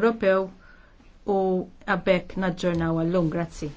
Ewropew u għabek naġġornaw għallum. Grazzi.